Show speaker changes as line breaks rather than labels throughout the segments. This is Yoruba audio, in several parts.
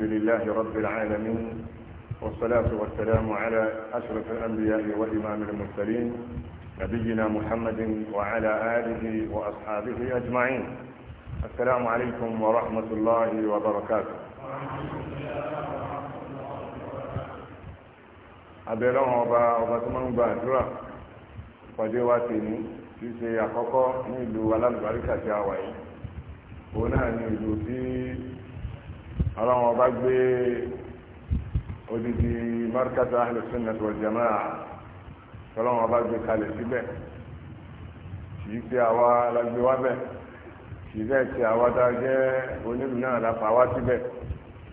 الحمد لله رب العالمين والصلاة والسلام على أشرف الأنبياء وإمام المرسلين نبينا محمد وعلى آله وأصحابه أجمعين السلام عليكم ورحمة الله وبركاته abẹ́lọ́wọ́n ọba ọba tó máa ń gba àdúrà pàdé wa tè ní kí ṣe àkọ́kọ́ ní ìlú alálùbáríkà tí a wà yìí òun náà ní ìlú tí ọlọ́run ọba gbé odidi markaz ahlu sunnah wal jamaa ọlọ́run ọba gbé kalẹ̀ síbẹ̀ kì í ṣe àwa lágbé wá bẹ̀ kì í bẹ́ẹ̀ ṣe àwa tá a jẹ́ onílù náà la fà wá síbẹ̀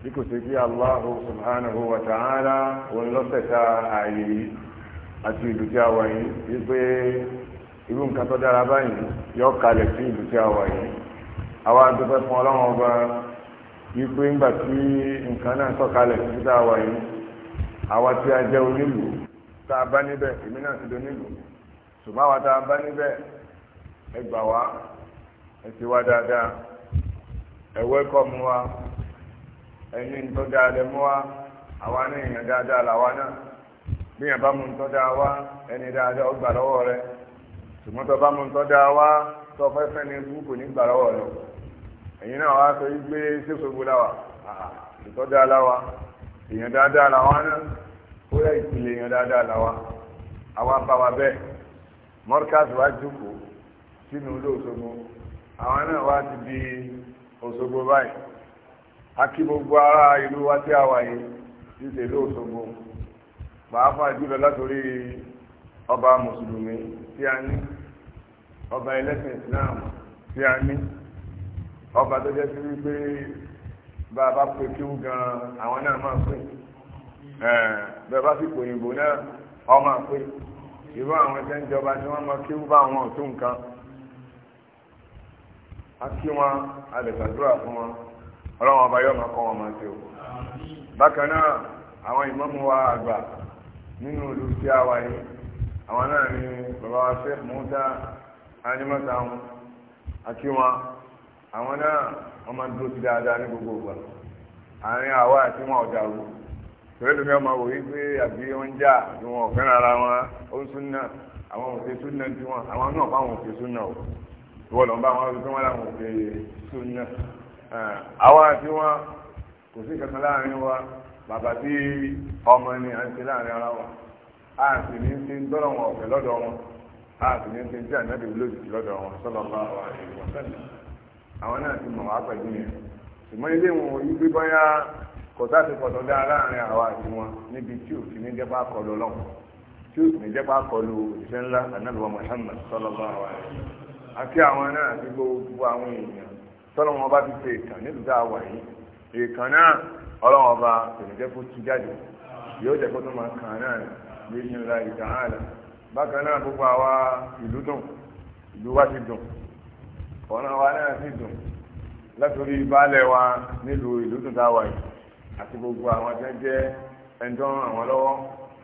bí kò ṣe kí Allahu subhanahu wa ta'ala òun lọ́sẹ̀ta ààyè yìí àti ìlú tí a wà yìí wípé irú nǹkan tó dára báyìí yọ kalẹ̀ sí ìlú tí a wà yìí àwa dúpẹ́ fún ọlọ́run ọba. wípé ńgbà tí nǹkan náà sọ̀kalẹ̀ títí tá a wà yìí àwa tí a jẹ́ onílùú tá a bá níbẹ̀ èmi náà ti ṣùgbọ́n àwa tá a bá níbẹ̀ ẹ gbà wá ẹ ti wá dáadáa ẹ wẹ́kọ̀ mu wa ẹni ńtọ́ dáadáa wa àwa ní èèyàn dáadáa làwa náà bí bá mu ńtọ́ dáa wá ẹni dáadáa ó ẹ̀yin náà wá sọ yí pé ṣéṣogbo láwà ìtọ́jú aláwa èèyàn dáadáa làwa náà ó yẹ ìpìlẹ̀ èèyàn dáadáa làwa àwa bá wa bẹ́ẹ̀ mọ́rkàtì wá jókòó sínú ilé Òṣogbo àwọn náà wá ti di Òṣogbo báyìí a kí gbogbo ará ìlú wa tí a wà yìí ti ṣe ilé Òṣogbo pàápàá jùlọ látòrí ọba mùsùlùmí tí a ní ọba ẹlẹ́sìn Islam tí a ní ọba tó jẹ́ sí wípé bá a bá pè kíw gan àwọn náà máa pè bẹ́ẹ̀ bá sì pè òyìnbó náà ọ máa pè irú àwọn tẹ́ ń jọba tí wọ́n máa kíw bá àwọn ọ̀tún nǹkan a kí wọn a fún wọn ọlọ́run ọba yóò máa kọ́ wọn máa ṣe bákan náà àwọn ìmáàmù wa àgbà nínú ìlú tí a wà yìí àwọn náà ni bàbá wa Sheikh Musa Animata wọn a kí wọn àwọn náà wọ́n máa ń dúró sí dáadáa ní gbogbo ìgbà àárín àwa àti wọn ọ̀dà wò tòwé lómi ọmọ wò yí pé àbí wọn ń jà ni wọn ò fẹ́ràn ara wọn ó ń súnà àwọn òfin súnà tí wọn àwọn náà bá wọn òfin súnà o ìwọ lọ ń bá wọn wípé wọn làwọn òfin súnà àwa àti wọn kò sí kankan láàrin wa bàbá tí ọmọ ni à ń ṣe láàrin ara wa a sì ní ti ń tọ́lọ̀ wọn ọ̀fẹ́ lọ́dọ̀ wọn a sì ní ti ń tí ànábì àwọn náà ti mọ̀ wá pẹ̀lú yẹn ṣùgbọ́n ilé wọn ò yí gbé bọ́yá kò sáàtì pọ̀tọ́ dáa láàrin àwa àti wọn níbi tí ò sí ní jẹ́ bá kọlu ọlọ́run tí ò sì ní jẹ́ bá kọlu ìṣẹ́ ńlá anábìwọ̀n Muhammad sallallahu alaihi àti àwọn náà àti gbogbo àwọn èèyàn tọ́lọ́ wọn bá ti ṣe ìtàn nílùú tá a wà yìí ìtàn náà ọlọ́run ọba kò ní jẹ́ kó tú jáde yóò jẹ́ kó tó máa kàn náà lórí ńlá ìtàn àlà bákan náà gbogbo àwa ìlú dùn ìlú wa ti dùn ọ̀nà wa náà sì dùn látòrí baálẹ̀ wa nílùú ìlú tó dáwà yìí àti gbogbo àwọn tó ń jẹ́ ẹ̀ńtọ́ àwọn lọ́wọ́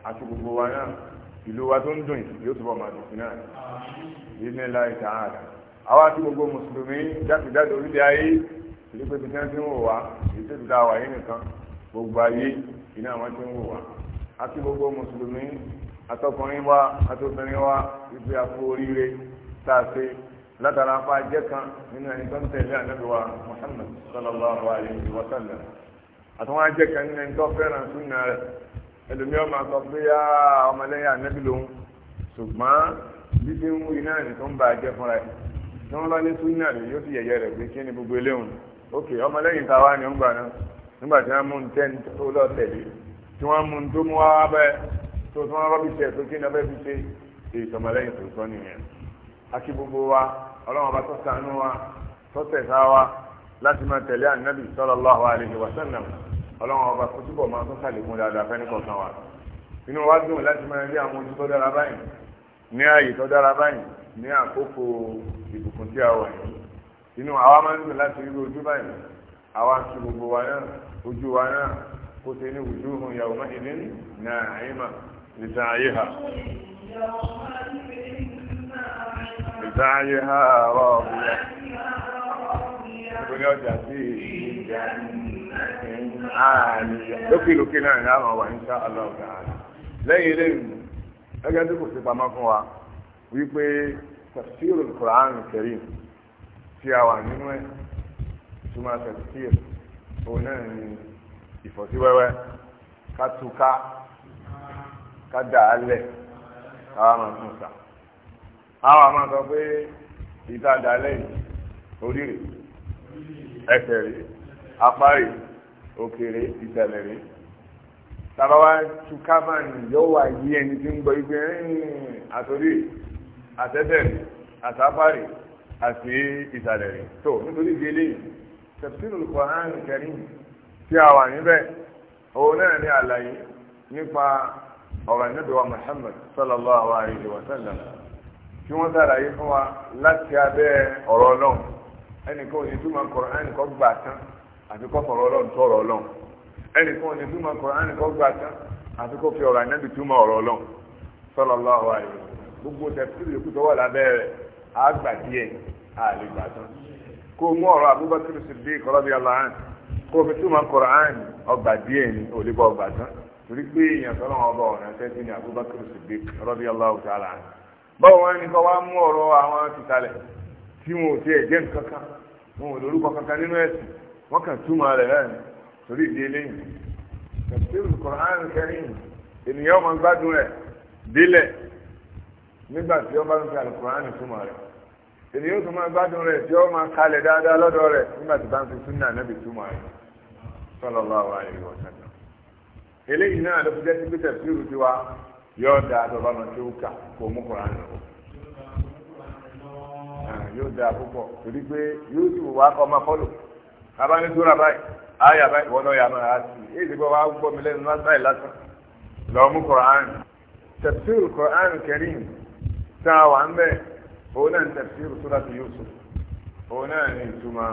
àti gbogbo wa náà ìlú wa tó ń dùn yóò túbọ̀ máa dùn sí náà ìdílé ńlá ìta àdá àwa àti gbogbo mùsùlùmí jákèjádò orílẹ̀ ayé ìlú pé tí wọ́n ti ń wò wá èyí tó ti dáwà yìí nìkan gbogbo ayé iná àwọn tí ń wò wá àti gbogbo mùsùlùmí atọkùnrin wa atọkùnrin wa ìgbé oríire tá a ṣe látara apá ajẹ́ kan nínú ẹni tó ń tẹ̀lé ànábì wa Muhammad sallallahu alayhi wa sallam àtàwọn ajẹ́ kan nínú ẹni tó fẹ́ràn súnà rẹ̀ ẹlòmíọ́ máa sọ pé yá ọmọlẹ́yìn ànábì lòun ṣùgbọ́n bíbí ń wí náà nìkan ń bá ajẹ́ fúnra ẹ̀ tí wọ́n bá ní súnà rẹ̀ yóò sì yẹ̀yẹ́ rẹ̀ pé kí ni gbogbo eléhùn ok ọmọlẹ́yìn táwa ni ó náà nígbà tí wọ́n mú un tó lọ tẹ̀lé tí wọ́n mú àti gbogbo wa ọlọ́run ọba tó ṣàánú wa tó tẹ̀sà wa láti máa tẹ̀lé ànábì sallallahu alaihi wa sallam ọlọ́run ọba kó túbọ̀ máa tó sàlékún dáadáa fẹ́ni kọ̀ọ̀kan wa inú wa dùn láti máa rí àwọn ojú tó dára báyìí ní ààyè tó dára báyìí ní àkókò ìbùkún tí a wà yìí inú àwa máa ń dùn láti rí ojú báyìí àwa ti gbogbo wa náà ojú wa náà kó ṣe ní wujuhun yawma idin na'ima li
سعيها راضية
ìpínlẹ̀ ọjà sí àníyàn lókè lókè náà ní àwọn àwọn ìṣá aláwọ̀dá lẹ́yìn eléyìí ẹgbẹ́ tí kò sí pamọ́ fún wa wípé tafsir àwọn àmọ́ sọ pé ìtajà lẹ́yìn oríire ẹsẹ̀ rí apá rí òkèèrè ìtẹ̀lẹ̀ rí tàbá wá tu kábàánì yóò wá yí ẹni tí ń gbọ́ ife àtòrí àtẹ́tẹ̀ rí àtàpá rí àti ìtàlẹ̀ rí tó nítorí ìdí eléyìí tafsirul Qur'an Karim tí a wà níbẹ̀ òun náà ní àlàyé nípa ọ̀rọ̀ níbi wa Muhammad sallallahu alayhi wa sallam kí wọ́n sàlàyé fún wa láti abẹ́ ọ̀rọ̀ ọlọ́run ẹnìkan ò ní túmọ̀ Kùránì ẹnìkan gbà tán àfi kọ́ fọ̀rọ̀ ọlọ́run tó ọ̀rọ̀ ọlọ́run ẹnìkan ò ní túmọ̀ Kùránì ẹnìkan gbà tán àfi kọ́ fi ọ̀rọ̀ ànábì túmọ̀ ọ̀rọ̀ ọlọ́run sallallahu alaihi gbogbo tẹ̀síìlì yòókù tó wà lábẹ́ rẹ̀ á gbà díẹ̀ á lè gbà tán kó mú ọ̀rọ̀ Abubakar Siddiq radiyallahu anhu kó fi túmọ̀ Kùránì ọgbà díẹ̀ ni ò lè bọ̀ ọgbà tán torí pé èèyàn sọ́nà ọba ọ̀nà tẹ́sí ni Abubakar Siddiq radiyallahu ta'ala báwo wọn ní kọ́ wá mú ọ̀rọ̀ àwọn tìkalẹ̀ tí wọn ò tiẹ̀ jẹ́ nǹkan kan wọn ò lórúkọ kankan nínú ẹ̀sìn wọn kàn túmọ̀ rẹ̀ náà torí ìdí eléyìí tafsir Qur'an Karim ènìyàn máa gbádùn rẹ̀ délẹ̀ nígbà tí wọ́n bá ń fi ènìyàn tó máa gbádùn tí máa dáadáa nígbà tí bá yóò da àtọ̀bá lọ tí ó kà kó mú kọ́ra rẹ̀ o yóò da púpọ̀ torí pé yóò sì wá kọ́ ọmọ fọ́lò bàbá ní tóra báyìí àyà báyìí wọ́n náà yà máa á sí i èyí ti gbọ́ wá gbọ́ mi lẹ́nu lásán lásán lọ mú kọ́ra rẹ̀ tafsir Qur'an tá a wà ń bẹ̀ òun náà tafsir suratu Yusuf òun náà ní ìtumọ̀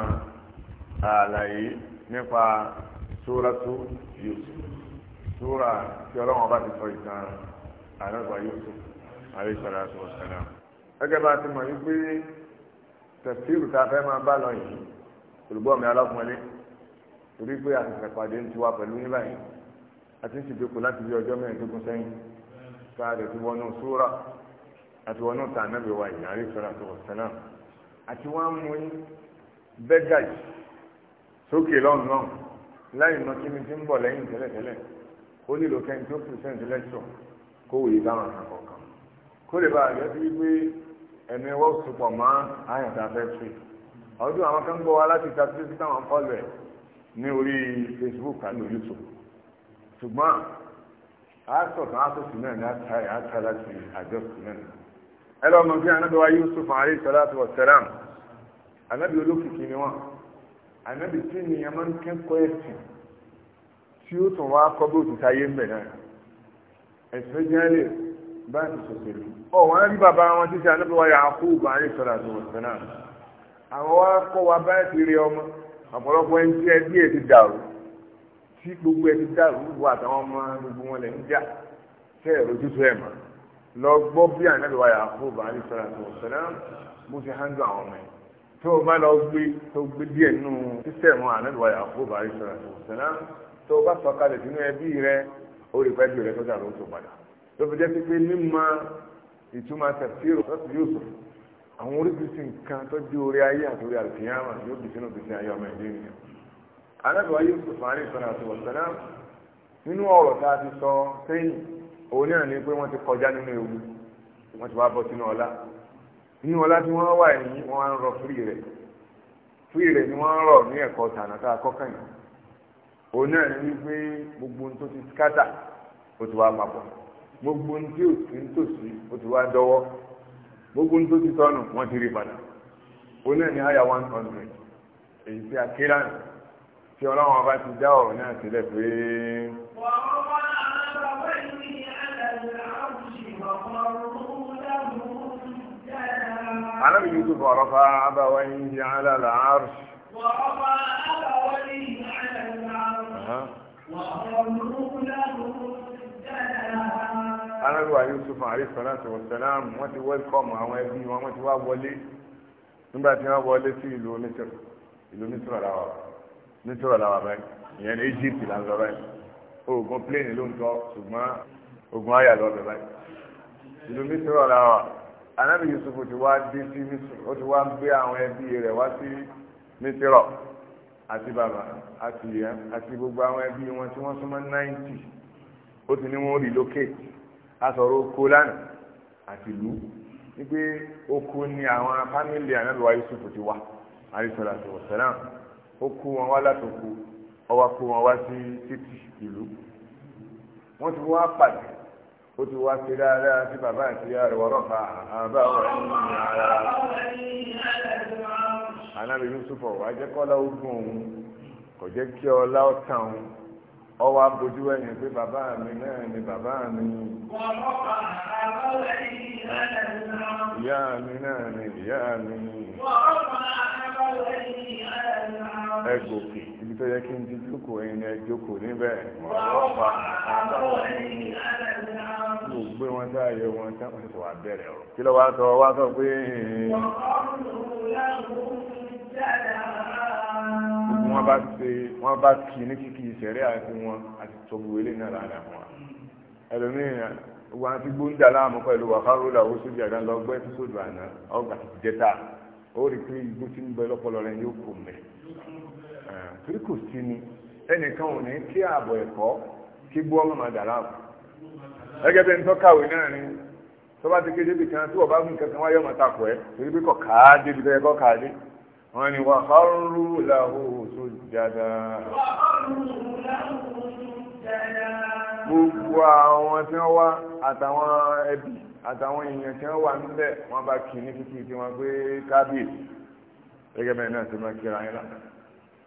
àlàyé nípa suratu Yusuf sura tí ọlọ́wọ́n bá ti sọ ìtàn rẹ̀ àrẹ́gbà Yusuf àríṣàlátù ọ̀sẹ̀lám gẹ́gẹ́ bá ti mọ̀ wípé tẹ̀síìrù tá a fẹ́ máa bá lọ yìí olùgbọ́ mi alákùnrin torí pé àtẹ̀sẹ̀ pàdé ń tiwa pẹ̀lú yín báyìí àti ń ṣèjọpọ̀ láti bí ọjọ́ mẹ́ẹ̀ẹ́dógún sẹ́yìn káàdì ti wọnú súrà àti wọnú tànàbí wa yìí àríṣàlátù ọ̀sẹ̀lám àti wọ́n mú yín bẹ́gà yìí sókè lọ́nà láì mọ kí ni ti ń bọ̀ lẹ́yìn tẹ́lẹ̀tẹ́lẹ̀ ó nílò kẹ́ni tó pèsè ìtẹ́lẹ́tọ̀ kó wòye dáhùn àkàkọ̀ kan kó lè bá àgbẹ̀ bíi pé ẹ̀mí ẹwọ́ sopọ̀ mọ́ àyànta fẹ́ tù ọdún àwọn kan gbọ́ wa láti ta tí tí táwọn fọ́lù ẹ̀ ní orí Facebook àti YouTube ṣùgbọ́n àásọ̀tàn àtòsí náà ní àtàrí àtàrí láti àjọsí náà ẹ lọ mọ bí anábì wa Yusuf alayhi salatu wa salam anábì olókìkí ni wọn anábì tí nìyẹn máa ń kẹ́kọ̀ọ́ ẹ̀sìn tí ó tún wá kọ́ bí òtútù ayé ń bẹ̀ náà especially bá ti ṣòṣèlú ọ wọn rí bàbá wọn títí anábíwá Yakubu àríṣọlá tó wọn sẹnà àwọn wa kọ́ wa báyìí ti rí ọmọ ọ̀pọ̀lọpọ̀ ẹni tí ẹbí ẹ ti dàrú tí gbogbo ẹ ti dàrú gbogbo àtàwọn ọmọ gbogbo wọn lẹ ń jà tẹ ẹ̀rọ tútù ẹ̀ mọ́ lọ gbọ́ bí anábíwá Yakubu àríṣọlá tó wọn sẹnà bó ṣe hàn jù àwọn ó rí pẹ́ẹ́dù rẹ tó dàrú tó padà tó fi jẹ́ sí pé mímọ̀ ìtumọ̀ tafsir sọ́ọ̀tù Yusuf àwọn oríṣiríṣi nǹkan tó di orí ayé àti orí àlùkìyàmà yóò bì sínú bìsí ayé ọmọ ìdí nìyẹn alábẹ̀wá Yusuf àárín ìsọ̀rọ̀ àti wọ̀sánná nínú ọ̀rọ̀ tá a ti sọ sẹ́yìn òun náà ni pé wọ́n ti kọjá nínú ewu wọ́n ti wá bọ́ sínú ọlá nínú ọlá tí wọ́n wà yìí wọ́n á ń rọ fúri rẹ̀ fúri rẹ̀ ni wọ́n ń ní ẹ̀kọ́ tànà tá a kọ́ kàn yìí òun náà ni wípé gbogbo ohun tó ti skátà ó ti wá papọ̀ gbogbo ohun tí ò sí nítòsí ó ti wá dọ́wọ́ gbogbo ohun tó ti tọ́nù wọ́n ti rí padà òun náà ni àyà one hundred èyí tí a ké lánàá tí ọlọ́run ọba ti dá ọ̀rọ̀ náà sílẹ̀ pé. Alábìyí tó fọ̀rọ̀ fa abáwáyé ń jẹ́ alálàá.
Wọ́n bá arábíwá
yusuf àríṣọ́láṣọ́ wọ̀sẹ̀láàmù wọ́n ti wẹ́lkọ́mù àwọn ẹbí wọn wọ́n ti wá wọlé nígbà tí wọ́n wọlé sí ìlú oníṣòro ìlú nítorọ̀láwà nítorọ̀láwà báyìí ìyẹn ní Egypt là ń lọ báyìí oògùn pléènì ló ń tọ́ ṣùgbọ́n oògùn ayà lọ bẹ̀ báyìí ìlú nítorọ̀láwà anábì yusuf ti wá dé sí nítorọ̀ ó ti wá gbé àwọn ẹbí rẹ̀ wá sí nítorọ̀ àti bàbá àti ìyá àti gbogbo àwọn ẹbí wọn tí wọ́n súnmọ́ 90 ó ti ní wọ́n relocate asọ̀rọ̀ oko lánàá àti ìlú wípé oko ni àwọn fámìlì ànábìwá Yusuf ti wá àrísọ̀làtò ọ̀sẹ̀rán ó kó wọn wá látòkù ọwọ́ kó wọn wá sí títì ìlú wọ́n ti wá pàdé ó ti wá sí dáadáa sí bàbá àti ìyá rẹ̀ wọ́n rọ̀ fa àbáwọ̀ ẹ̀yìn ara
rẹ̀
anábì Yusuf ọ̀wá jẹ́ kọ́lá ogun òun kò jẹ́ kí ọlá ọ̀tàn òun ọwọ́ abojú ẹ̀yìn pé bàbá mi náà ni bàbá mi. ìyá mi náà ni ìyá mi. ẹ gòkè ibi tó yẹ kí n ti jókòó ẹ̀yin ni ẹ jókòó níbẹ̀. mo wọn tá ayé wọn tá wọn ti wà bẹ̀rẹ̀ ọ̀rọ̀ kí ló wá sọ wá sọ pé. wọ́n bá ṣe wọ́n bá kì í ní kíkì àti wọn àti tọ́gbù náà lára wọn ẹlòmíràn wọn ti gbóúnjà láàmú pẹ̀lú wàhálà làwọn sójú àdá lọ gbọ́ àná ọgbà ti jẹta ó rí pé igbó tí ń bẹ lọ́pọlọ rẹ yóò kò mẹ́ torí kò sí ni ẹnìkan ò ní kí ààbọ̀ ẹ̀kọ́ kí gbó ọmọ máa dà láàmú bí ni bá ti wọ́n ní wà kárú làwọ̀ tó jádá gbogbo àwọn tí wọ́n wá àtàwọn ẹbí àtàwọn èèyàn tí wọ́n wà níbẹ̀ wọ́n bá kì ní kíkì tí wọ́n gbé kábíyèsí gẹ́gẹ́ bẹ́ẹ̀ náà ti máa kíra yín lánàá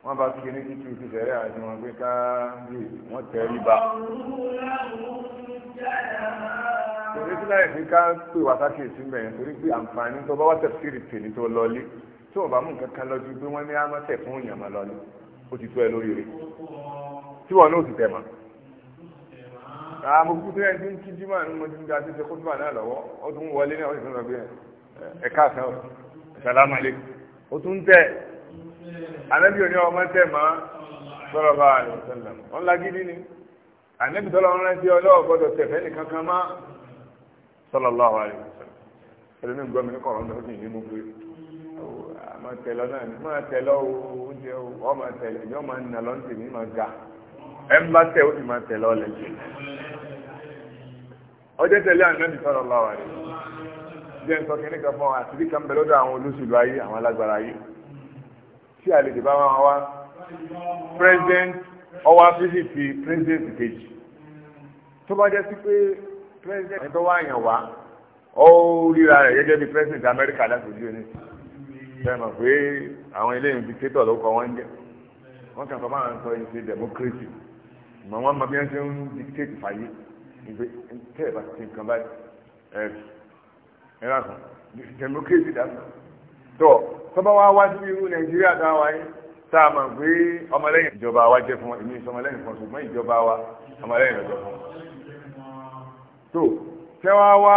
wọ́n bá kí ní kíkí ti tẹ̀rẹ́ àti wọn pé ká bí wọ́n tẹ̀rí bá.
torí tí láì pè
wá sákèsí mẹ́rin torí pé àǹfààní tó bá wá tẹ̀síìrì tè tó lọ lé tó o bá mú nǹkan kan lọ́jú pé wọ́n ní amọ́tẹ̀ fún èèyàn mọ́ lọ́lẹ́ ó ti tó ẹ lórí rẹ̀ tí wọn náà ti tẹ̀ mọ́. àmọ́ ah, kúkú tó yẹn ti ń kíjú máa ń mọ ti ń ga títí kótó náà lọ́wọ́ ó tún wọlé náà ó sì tún lọ bí ẹ káàsán ṣàlámàlẹ́ ó tún tẹ̀ ànábì òní ọmọ tẹ̀ mọ́ sọ̀rọ̀ bá àlọ́ sọ̀rọ̀ wọn lágídí ni ànábì tọ́lọ́ wọn rántí ọlọ́wọ́ gbọ́dọ̀ tẹ̀fẹ́ nìkan kan má sọ̀rọ̀ lọ́wọ́ àlọ́ sọ̀rọ̀ máa tẹ̀lọ náà ní máa tẹ̀lọ oúnjẹ ọ máa tẹ̀lẹ̀ ìjọ máa nà lọ sí ní máa ga ẹ ń bá tẹ̀ ó sì máa tẹ̀lọ lẹ̀ sí. ọjọ́ tẹ̀lé ànábì sọ̀rọ̀ lọ́wọ́ rẹ̀ jẹ́ nsọ kí nìkan fún wa àtìrí kan bẹ̀rẹ̀ lọ́dọ̀ àwọn olóṣèlú ayé àwọn alágbára ayé tí àlejò bá wọn wá president ọwá fífìfì president kejì tó bá jẹ́ sí pé president ẹ̀tọ́ wá àyàn wá ó ríra rẹ̀ gẹ́gẹ́ bí president Amẹ́ríkà láti ojú ẹni sí sẹ́mọ̀ pé àwọn ilé ìdíkétọ̀ ló kọ wọ́n jẹ́ wọ́n kàn fọ́nmọ́ àwọn sọ yìí ṣe democracy mọ̀ wọ́n mọ bí wọ́n ṣe ń dictate fàyè ìgbé tẹ́ ẹ̀ bá ti nǹkan báyìí ẹ̀ ẹ̀ lásán democracy dàgbà tó tọ́ba wa wá sí irú nàìjíríà tá a wá yé tá a mọ̀ pé ọmọlẹ́yìn ìjọba wa jẹ́ fún èmi ìṣọmọlẹ́yìn fún ṣùgbọ́n ìjọba wa ọmọlẹ́yìn lọ́jọ́ fún tó tẹ́wàá wá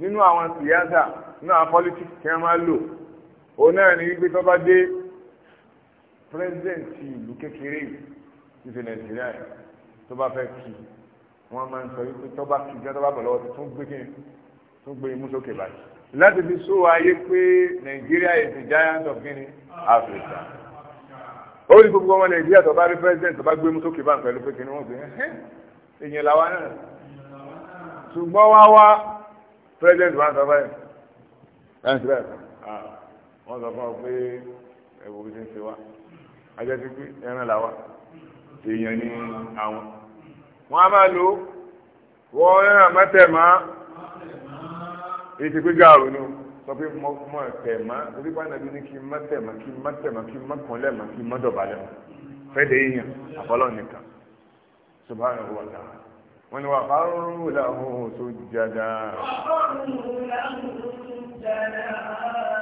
nínú àwọn sìyáṣà nínú àwọn politics kí máa lò ó náà ní wípé tó bá dé pírẹsidẹ̀ntì ìlú kékeré ìfẹ́ nàìjíríà tó bá fẹ́ kí wọ́n máa ń sọ wípé tó bá kí jẹ́ tó bá bọ̀ lọ́wọ́ tó gbé kí tó gbé imú sókè báyìí láti fi sọ ayé pé nàìjíríà is the giant of guinea africa ó rí gbogbo ọmọ nàìjíríà tó bá rí pírẹsidẹ̀ntì tó bá gbé imú sókè báyìí pẹ̀lú pé kí ni wọ́n gbé ẹ̀yìn làwa náà ṣùgbọ́n wá wá pírẹsidẹ̀ntì wá sọ báyìí wọ́n sọ fún ọ pé ẹ̀wò ti ń ṣe wá ajá ti pé ẹran làwa èèyàn ní àwọn. wọ́n á máa lò wọ́ ẹran mọ́tẹ̀mọ́ èyí ti pé gàrú ni sọ pé mọ́ mọ́ tẹ̀mọ́ orí pàdánù ní kí mọ́ tẹ̀mọ́ kí mọ́ tẹ̀mọ́ kí mọ́ kúnlẹ̀ mọ́ kí mọ́ dọ̀bálẹ̀ mọ́ fẹ́ẹ̀dẹ̀ èèyàn àbọ́lọ́ nìkan subhanahu wa ta'ala wọ́n ni wà fárúrú làwọn òṣòjì dáadáa. wà
fárúrú làwọn òṣòjì dáadáa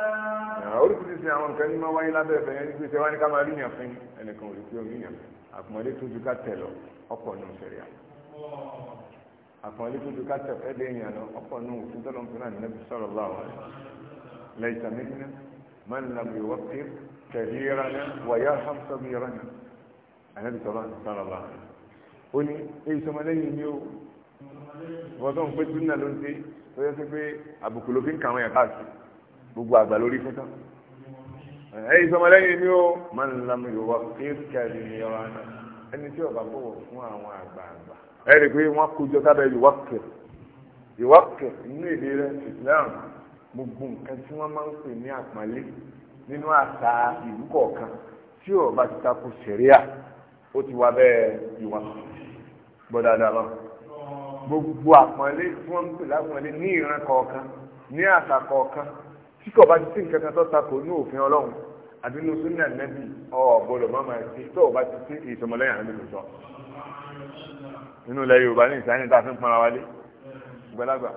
oríṣiríṣi àwọn nǹkan ní máa wáyé lábẹ́ ẹ̀fẹ̀ yẹn nígbèsè wá ní ká máa ríyàn fún ẹnìkan ò rí pé omi yàn àpọ̀nlé tó ju ká tẹ̀ lọ ọ̀pọ̀ nù sẹ̀ríà àpọ̀nlé tó ju ká tẹ̀ ẹ̀dẹ̀ yàn lọ ọ̀pọ̀ nù òfin tọ́lọ́ fún àná nàbí sọ̀rọ̀ bá wọn lẹ́yìn sàmìnà máa ń lam ìwọ́ pé tẹ̀lé ìrànà wàyà hàmsọ́ bí gbogbo àgbà lórí fún tán ẹ̀yìn sọmọlẹ́yìn ni ó máa ń lamu yorùbá kéèkì ní ọ̀rọ̀ àná ẹni tí ọba bọ̀wọ̀ fún àwọn àgbààgbà ẹ rí i pé wọ́n kójọ sábẹ́ yorùbá kẹ̀ yorùbá kẹ̀ nínú èdè rẹ̀ Islam gbogbo nǹkan tí wọ́n máa ń pè ní àpọ́nlé nínú àṣà ìlú kọ̀ọ̀kan tí ọba ti takò sẹ̀ríà ó ti wá bẹ́ẹ̀ yorùbá gbọ́dọ̀ àdàlọ́ gbogbo àpọ́nlé tí wọ́n ń pè lápọ́nlé ní ìran kọ̀ọ̀kan ní àṣà kọ̀ọ̀kan kíkọ̀ bá ti sí nǹkan kan tó takò ní òfin ọlọ́run àbí ní sunna nẹ́bí ọ̀bọ̀lọ̀ má máa ṣe tó o bá ti sí ìsọmọlẹ́yìn àmì lòsọ. nínú ilẹ̀ yorùbá ní ìsáyẹn tá a fi ń pọnra wálé gbẹlágbà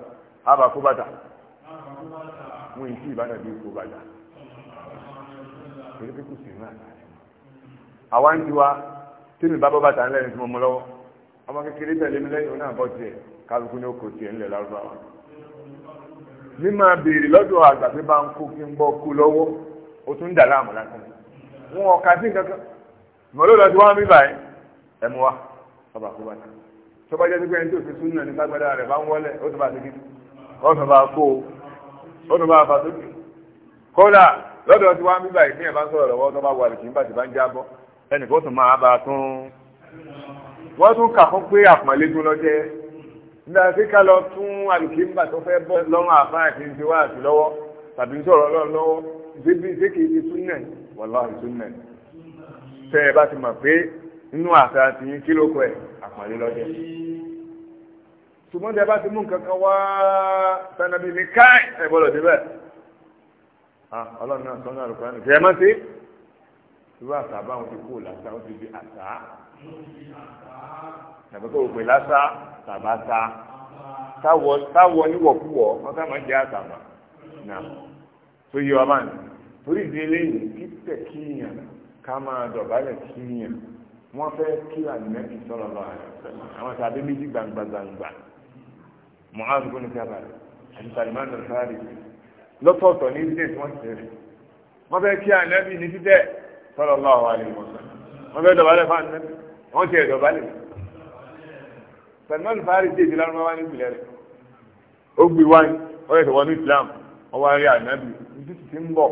ábà kó bàtà wọn ìsí ìbàdàn bí kó bàtà èyí kò sí náà. àwa ń tiwa tí mi bá bọ́ bàtà ńlẹ́yìn tí mo mú lọ́wọ́ ọmọ kékeré tẹ̀lé mi lẹ́yìn náà bọ́ tiẹ̀ kálukú ní ó kò tiẹ̀ ńlẹ̀ lárúbáwá. mímọ béèrè lọ́dọ̀ àgbà pé bá ń kó kí n bọ́ kú lọ́wọ́ tún dà láàmú lásán wọn sí nǹkan kan mú wa ọba bàtà tó bá sí pé ẹni tó fi súnà ní lágbádá rẹ̀ bá ń wọlé ó tún bá ti kíkì ó tún bá kó ó tún bá sókè kódà nígbà tí ká lọ tún àlùkìmbà tó fẹ́ bọ́ lọ́rùn àfáà tí ń wá àti lọ́wọ́ tàbí ń sọ̀rọ̀ lọ́rùn lọ́wọ́ débi ṣé kìí ti tún náà wàláhì tẹ́ ẹ bá ti mọ̀ pé inú àṣà ti yín kí ló kọ ẹ̀ àpàlé lọ́jọ́ ṣùgbọ́n tí a bá ti mú nǹkan kan wá sanabi ní káì ẹ̀ bọ́lọ̀ débẹ̀ ọlọ́run náà sọ náà lùkọ́ ẹ̀ tàbí kò pè lásà tàbá sá táwọ táwọ níwọ̀kúwọ̀ wọ́n ká máa jẹ́ àtàbà náà tó yẹ ọba ní torí ìdí eléyìí títẹ̀ kíyàn ká máa dọ̀bálẹ̀ kíyàn wọ́n fẹ́ kí àdìmẹ́kì sọ̀rọ̀ lọ àwọn tàbí méjì gbangba gbangba Mu'adh bin Jabal àti Salman al-Farisi lọ́tọ̀ọ̀tọ̀ ní ilé tí wọ́n ti rẹ̀ wọ́n fẹ́ kí ànábì ní títẹ̀ sọ̀rọ̀ lọ́wọ́ àlè wọ́n ti ẹ̀dọ̀ balẹ̀ Salman Farisi èdè lárúbáwá ní ìpìlẹ̀ rẹ̀ ó gbé wáyé ó yẹ sọ̀wọ́ ní Islam wọ́n wá rí ànábì ní ti ń bọ̀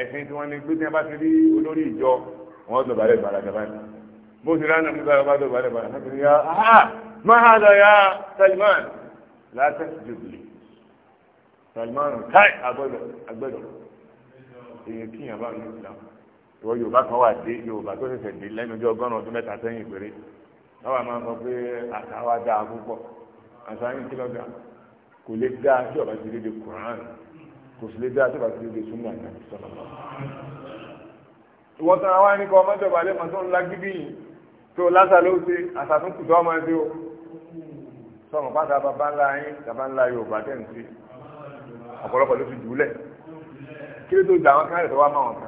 ẹ̀sìn tí wọ́n ní gbé tí wọ́n bá ti rí olórí ìjọ wọ́n dọ̀ balẹ̀ balẹ̀ balẹ̀ bó ti rán nàbí bára bá dọ̀ balẹ̀ balẹ̀ náà ti yá ah máa lọ ya Salman láti jùbìlì Salman káì agbẹ́dọ̀ agbẹ́dọ̀ èyí kíyàn bá ní Islam ìwọ yorùbá kan wà dé yorùbá tó ṣẹ̀ṣẹ̀ dé lẹ́nu ọjọ́ ọgọ́rùn ọdún mẹ́ta sẹ́yìn péré lọ́wọ́ máa ń sọ pé àṣà wa dáa púpọ̀ àṣà yín kí lọ́gà kò lè dá tí ọba ti léde Kùránì kò sì lè dá tí ọba ti léde súnmọ́ àti sọ̀rọ̀ lọ. ìwọ sara wa ní kọ ọmọ ìjọba alẹ́ màá tó ń la gidi yìí tó lásà ló ṣe àṣà tó kù tó ọmọ ẹ sọmọ pàṣẹ bàbá ńlá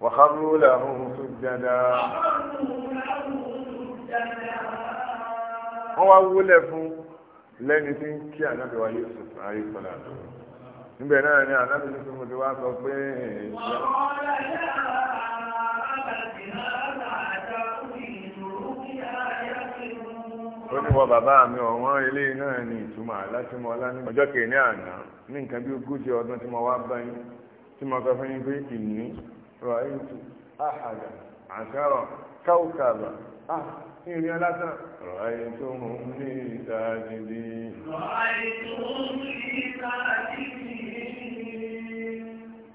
وخروا له سجدا wọ́n wá wúlẹ̀ fún lẹ́ni tí ń kí ànábì wa Yusuf ayé sọ̀rọ̀ àdó níbẹ̀ náà ni ànábì Yusuf ti wá sọ pé
ó ní wọ bàbá
mi ọ̀wọ́n ilé náà ni ìtumọ̀ láti mọ ọlá ní ọjọ́ kìíní àná ní nǹkan bí ogójì ọdún tí mo wá bá tí mo sọ fún yín pé ìní rọ̀ìtù àhàdà àṣàrọ̀ káùkàbà ìrìn alásán rọ̀ìtù hùn ní ìtàjìdì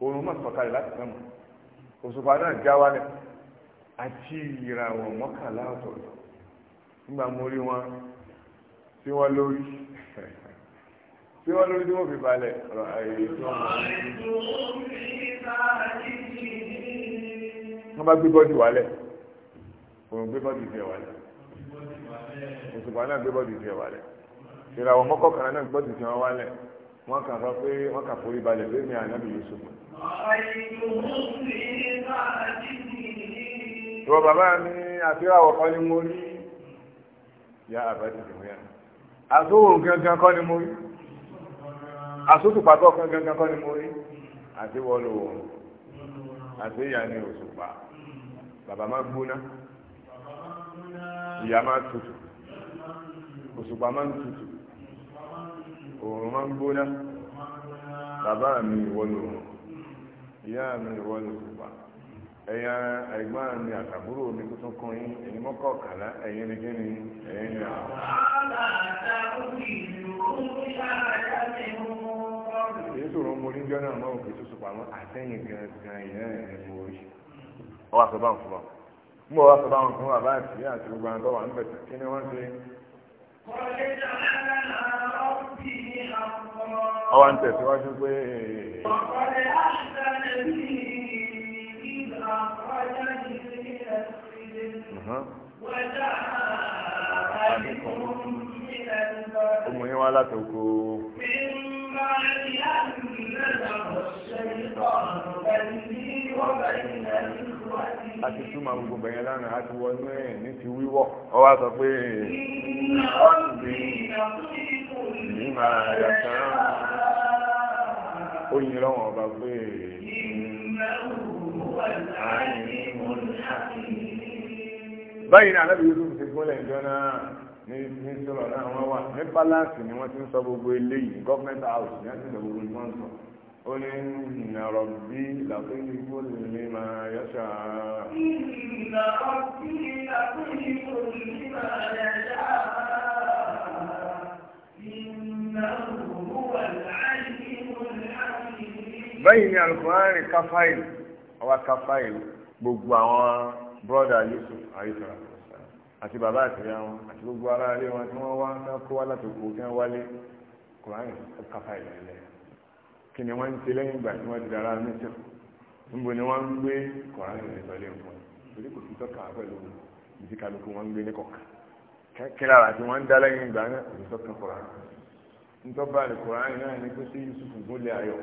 oòrùn mọ̀ sọ̀kalẹ̀ láti sánmà òṣùpá náà já wálẹ̀ àti ìràwọ̀ mọ́kànlá ọ̀tọ̀ọ̀tọ̀ nígbà mo rí wọn tí wọ́n lórí tí wọ́n lórí tí wọ́n fi balẹ̀ rọ̀ àyè tó ń
bọ̀
wọ́n bá gbé bọ́ọ̀dì wálẹ̀ òun gbé bọ́ọ̀dì tiẹ̀ wálẹ̀ òṣùpá náà gbé bọ́ọ̀dì tiẹ̀ wálẹ̀ ìràwọ̀ mọ́kọ̀kànlá náà gbé bọ́ọ̀dì tiẹ̀ wálẹ̀ wọ́n kà sọ pé wọ́n kà forí balẹ̀ lórí ànábì Yusuf. ìwọ bàbá mi àfihàn kan ni mo rí ya àbájáde ìwéyà àtòwòrán gangan kan ni mo rí àtòtùpàtọ̀ kan gangan kan ni mo rí àti wọ́n lò wọ́n. àti ìyá ni òṣùpá bàbá máa gbóná ìyá máa tutù òṣùpá máa tutù bàbá mi ìwọ lòòrùn ìyá mi ìwọ lòṣùpá ẹ̀yà ẹ̀gbọ́n mi àtàbúrò mi tuntun kan yín ẹ̀yin mọ́kọ̀ọ̀kànlá ẹ̀yin ni kí ni níjọ́ náà mọ́ òkè tó so pamọ́ àtẹ́yìn gangan ìyá ẹ̀ mú orí ọ wá sọ báwọn fún wa mú ọ wá sọ báwọn fún bàbá àti ìyá àti gbogbo àwọn tó wà níbẹ̀ kí ni wọ́n ṣe.
ọwọ́ ń tẹ̀síwájú pé. ọ̀pọ̀lẹ́ àṣìṣe ní ìgbà ọjọ́ ìṣẹ̀lẹ̀ ìṣẹ̀lẹ̀
wẹ̀dà àdìkún ọmọ yẹn wá látòkò a ti túmọ̀ gbogbo bẹ̀yẹn lánàá a ti wọnú ẹ̀ ní ti wíwọ́ ọ wá sọ pé
ní máa yàtọ̀ ó yin lọ́wọ́ ọba
pé báyìí ní alábi yusuf ti gúnlẹ̀ ìjọ náà ní sọ̀rọ̀ náà wọ́n wà ní pálásì ni wọ́n ti ń sọ gbogbo eléyìí gọ́ọ̀mẹ́ntà house ní wọ́n ti ń sọ gbogbo ìgbọ́n sọ̀rọ̀. قل إن ربي لطيف لما يشاء
إن ربي لطيف لما يشاء إنه هو العليم الحكيم بين
القرآن كفايل هو كفايل gbogbo àwọn brọ́dà Yusuf àyíṣà àti bàbá àtìyá wọn àti gbogbo ará ilé wọn tí wọ́n wá ń kó wá látòkò kí wọ́n wálé kùránì ó kápá kí ni wọ́n ń ṣe lẹ́yìn ìgbà tí wọ́n ti dára mẹ́sẹ̀ ni wọ́n ń gbé kọ̀ọ̀rán ìrìnlẹ̀ wọn torí kò sí tọ́ka pẹ̀lú ibi kálukú wọn ń gbé ní kọ̀ọ̀kan kí lára tí wọ́n ń dá lẹ́yìn ìgbà náà kò sí tọ́ka kọ̀ọ̀rán ntọ́ba àlùkòrán náà ni pé Yusuf gúnlẹ̀ ayọ̀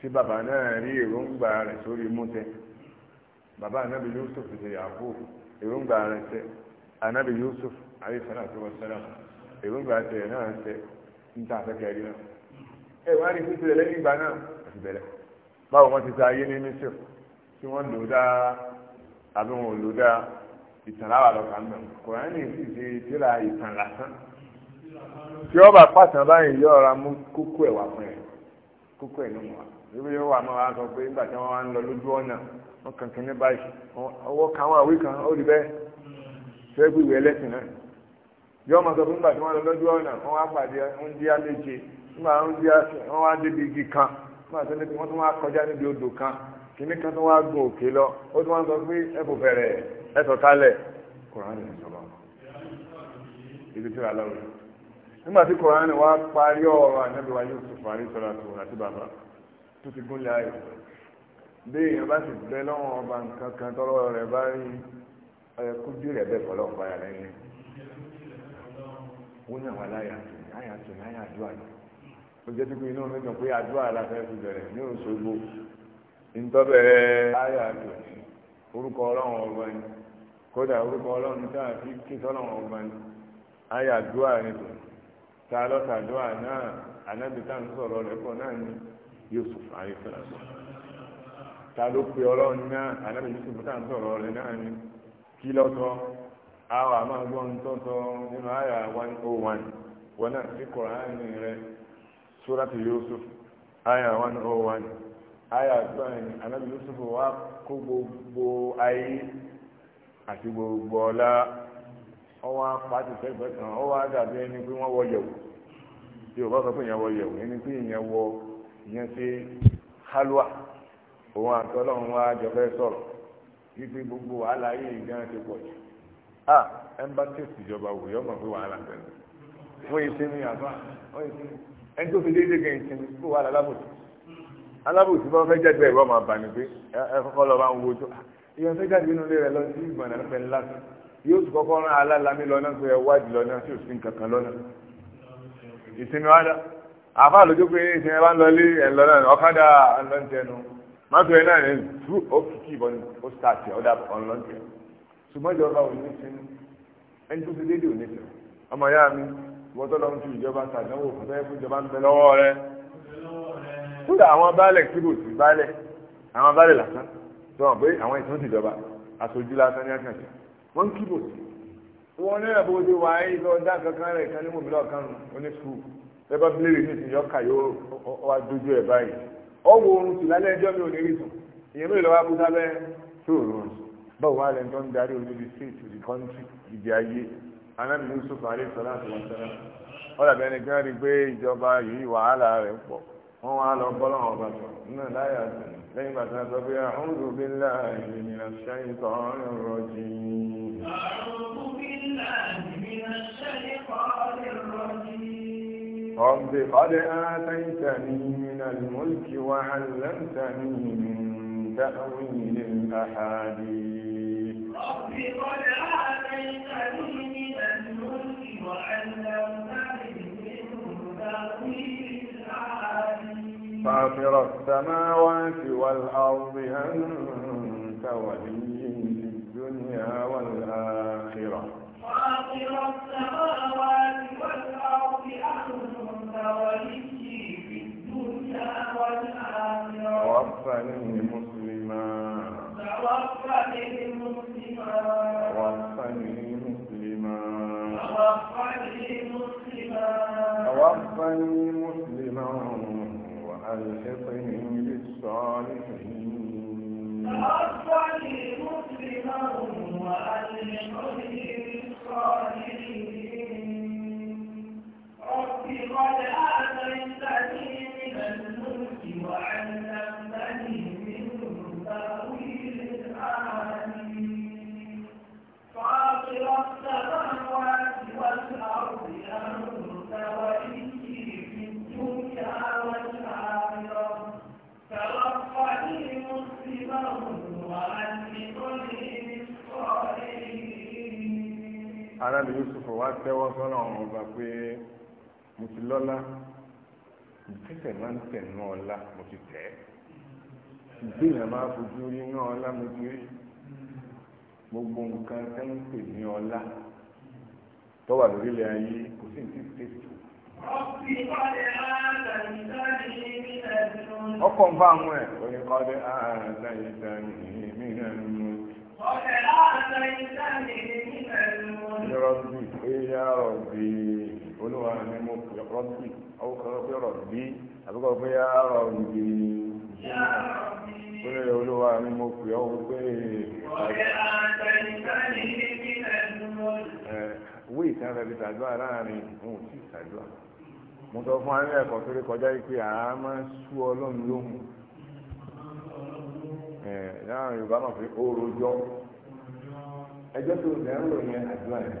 sí bàbá náà rí èròǹgbà rẹ̀ sórí mútẹ́ bàbá anábì Yusuf ti yàgò èròǹgbà rẹ̀ tẹ́ anábì Yusuf ayé sàlàtúwọ̀ sàlàm èròǹgbà tẹ̀ náà tẹ́ ń ta àfẹ́kẹ́ rí náà ẹ wá rí fífi lẹ́yìn ìgbà náà àti bẹ̀rẹ̀ báwo wọ́n ti ta ayé ní mísírì tí wọ́n lò dáa àbí wọn ò lò dáa lọ́ka ń bẹ̀ ṣe tíra ìtàn lásán tí wọ́n bá pàtàn báyìí yọ mú kókó fún ẹ̀ kókó ẹ̀ ló mú wa yóò wà máa wá sọ pé nígbà tí wọ́n wá ń lọ lójú ọ̀nà báyìí kan kan ó rí bẹ́ẹ̀ ẹlẹ́sìn náà yọ ọmọ sọ pé nígbà tí wọ́n nígbà wọn bí wọn wá débi igi kan nígbà tó níbi wọn tún wá kọjá níbi odò kan kìnní kan wá lọ ó tún wá sọ pé ibi tí wà nígbà tí wá parí àti bàbá tó ti bí èèyàn bá sì bẹ ọba nǹkan kan bá rí bẹ́ẹ̀ fọlọ́ lẹ́yìn wọ́n ó jẹ́ dúkú inú mi dùn pé àdúrà la fẹ́ fi bẹ̀rẹ̀ ní Òṣogbo ntọ́bẹ̀rẹ̀ ayà tó orúkọ ọlọ́run ọba ni kódà orúkọ ọlọ́run a fi kí sọ́lọ́run ọba ni àdúrà ta lọ́ta àdúrà náà anábì tá à ń sọ̀rọ̀ pọ̀ Yusuf ta ló pe ọlọ́run náà anábì tá à ń sọ̀rọ̀ náà ni kí one oh one wọn náà fi suratu yusuf aya 101 aya gbọ́n anábì yusuf wá kó gbogbo ayé àti gbogbo ọlá ọwọ́ apáti fẹ́fẹ́ kan ọwọ́ àgàbí ẹni pé wọ́n wọ yẹ̀wò tí ò bá sọ pé ìyẹn wọ yẹ̀wò ẹni pé ìyẹn wọ ìyẹn ṣe halwa òun àti wá jọ fẹ́ sọ̀rọ̀ wípé gbogbo wàhálà yìí gan ti pọ̀ jù a ẹ̀ ń bá tẹ̀sí ìjọba wò yọ́ mọ̀ pé wàhálà bẹ̀rẹ̀ wọ́n yìí àbá wọ́n yìí ẹni tó fi déédéé gẹ̀ ń sinmi kó wà lálábòsí alábòsí bá fẹ́ jáde ẹ̀rọ máa bà ní pé ẹ kọ́kọ́ lọ bá ń wo tó ìyẹn ah, fẹ́ jáde nínú ilé rẹ lọ sí ìgbọ̀nà ń fẹ́ ńlá yóò tún kọ́kọ́ rán alálàmì lọ́nà pé ẹ wádìí lọ́nà tí ò sí nǹkan kan lọ́nà ìsinmi wá dá àfa àlójú pé ìsinmi bá ń lọ ilé ẹ̀ lọ́nà ọ̀kadà ọ̀nlọ́ntẹnu mọ́tò ẹ̀ náà ní tú ó kìkì ìbọn ó sàtì ọ̀dà ọ̀nlọ́ntẹnu ṣùgbọ́n ìjọba ò wọ́n tọ́ lọ ń fi ìjọba sàdánwò fún fẹ́ fún ìjọba ń bẹ lọ́wọ́ rẹ kódà àwọn baálẹ̀ kíbò sí baálẹ̀ àwọn baálẹ̀ lásán tó hàn pé àwọn ìtàn ti jọba aṣojú lásán ní àkànṣe wọ́n ń kíbò sí wọn ní ẹ̀bùn ojú wa ayé lọ dá kankan rẹ̀ kan ní mòmílọ̀ kan oní skul ẹ bá bílẹ̀ rẹ̀ nísìnyí ọkà yóò wá dojú ẹ̀ báyìí ọwọ́ oorun sì lálẹ́ ẹjọ́ mi ò ní rí ìyẹn mi ò lọ́wọ́ abúlé abẹ́ tó báwo wá lẹ́ńtọ́ ń darí orí ibi state ibi country ibi ayé anábì Yusuf alayhi salatu wa salam ọ̀làbẹ̀ ẹni kí wọ́n rí pé ìjọba yìí wàhálà rẹ̀ pọ̀ wọ́n wá lọ bọ́ lọ́wọ́ ọba tó náà láyà tó lẹ́yìn bàtà sọ pé a'udhu billahi minash shaytanir rajim.
a'udhu billahi minash shaytanir rajim.
رب قد آتيتني من الملك وعلمتني من تأويل الأحاديث رب
قد آتيتني
فاطر السماوات والأرض أنت ولي في الدنيا والآخرة
فاطر السماوات والأرض أنت ولي في الدنيا والآخرة
توفني مسلما
توفني مسلما
tẹ́wọ́ sọ́nà ọ̀hún ọba pé mo ti lọ́lá ìfẹsẹ̀ máa ń tẹ̀ ní ọ̀la mo ti tẹ̀ ìgbéyàn máa fojú rí ní ọ̀la mo ti rí gbogbo nǹkan tẹ́ ń pè ní ọ̀la tọ́wà lórílẹ̀ ayé kò sí ní tẹ́tù. ọkọ̀ ń bá àwọn ẹ̀ ó kọ́dé ààrẹ àtàyè ìtàn yìí náà ń mú.
ọ̀sẹ̀ àtàyè ìtàn yìí
rọ́bì ẹ̀yà rọ́bì olúwa mi mo pè rọ́bì ọkọ̀ pé rọ́bì àbúkọ̀ pé yà rọ́bì pé olúwa mi mo pè ọ́ pé. ọ̀rẹ́
àtẹnitẹ́ni ní ìpínlẹ̀ ìdúró. ẹ
wí ìtàn rẹ̀ bí tàdúrà láàrin òun ò sì tàdúrà mo sọ fún arílẹ̀ ẹ̀kọ́ tó rí kọjá yìí pé àá máa sú ọlọ́run lóhùn láàrin yorùbá náà fi ó rojọ́ ẹjọ́ tó ń dẹ́rù yẹn àdúrà yẹn.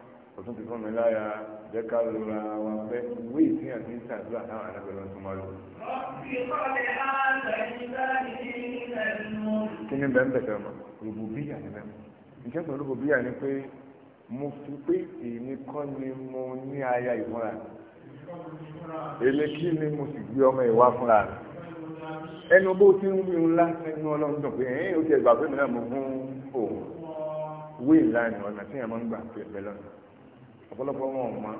òtún ti fún mi láyà jẹ́ ká lóra wa fẹ́ ìwé ìsìn àti ìsàdúrà táwọn anábẹ̀rẹ̀ tó máa lò.
kí ni bẹ́ẹ̀
ń bẹ̀fẹ̀ mọ́ rògbò bíyà ni bẹ́ẹ̀ mọ́ ìjẹ́ pẹ̀lú rògbò bíyà ni pé mo fi pé èmi kọ́ ni mo ní aya ìmúra eléki ni mo sì gbé ọmọ ìwá fúnra rẹ̀ ẹnu bó ti ń wí ńlá ẹnu ọlọ́run pé ẹ̀yìn ó ti ẹgbàá pé mi náà mo fún òun wí ìlànà ọ̀nà tí èèyàn máa ń gbà pẹ̀lú ọ̀nà ọ̀pọ̀lọpọ̀ wọn ò mọ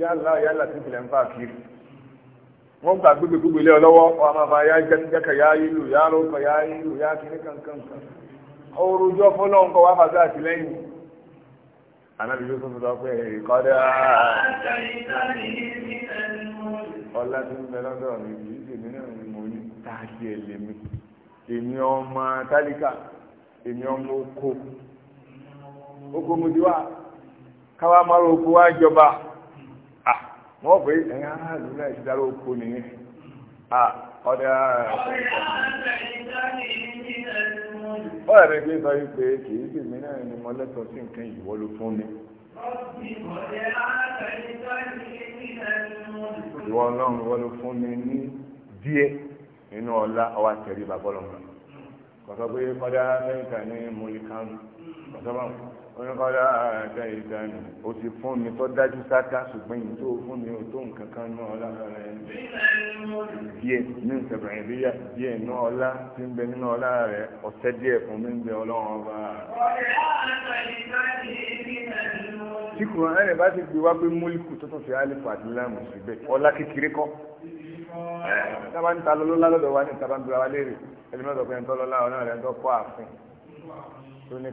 yálà yálà tí ìpìlẹ̀ ń fà kiri wọ́n gbà gbégbé gbogbo ilé ọlọ́wọ́ wọn máa fa yá jẹ́kẹ̀ yá ìlú yá lóko yá ìlú yá kiri kankan kan orujọ́ fọlọ́n kọ́ wá fàṣẹ àtìlẹ́yìn anábì yóò sọ sọ pé ìkọ́dá ọlá tí ń bẹ lọ́dọ̀ mi kì í ṣèmi náà ni mo ní táàkì ẹlẹ́mi èmi ọmọ tálíkà èmi ọmọ oko oko mo ti wá káwá máa ro oko wá jọba wọ́n pè é ẹ̀yìn aráàlú náà ti dára oko nìyẹn ọ̀dà ọ̀rẹ́ mi sọ pé kì í sì mí náà ni mo lẹ́tọ̀ọ́ sí nǹkan ìwọ ló fún mi. ìwọ ọlọ́run ìwọ ló fún mi ní díẹ̀ nínú ọlá ọwọ́ àtẹ̀rí bàbá ọlọ́run kọ̀sọ́ pé kọ́dá oníkọ́lá àtẹ ìdáni o ti fún mi tó dájú sáká ṣùgbọ́n yìí tó fún mi ò tó nǹkan kan náà ọlá rẹ díẹ̀ ní ìṣẹ̀bẹ̀rẹ̀ ìdíyà díẹ̀ ní ọlá tí ń bẹ nínú ọlá rẹ ọ̀sẹ̀ díẹ̀ fún mi ń bẹ ọlọ́run ọba. tí kùrọ̀ ẹ̀rẹ̀ bá ti gbé wá pé múlíkù tó tún fi alifu àti láàmù síbẹ̀ ọlá kékeré kọ́ tábà ń ta lọ́lá lọ́dọ̀ wa ní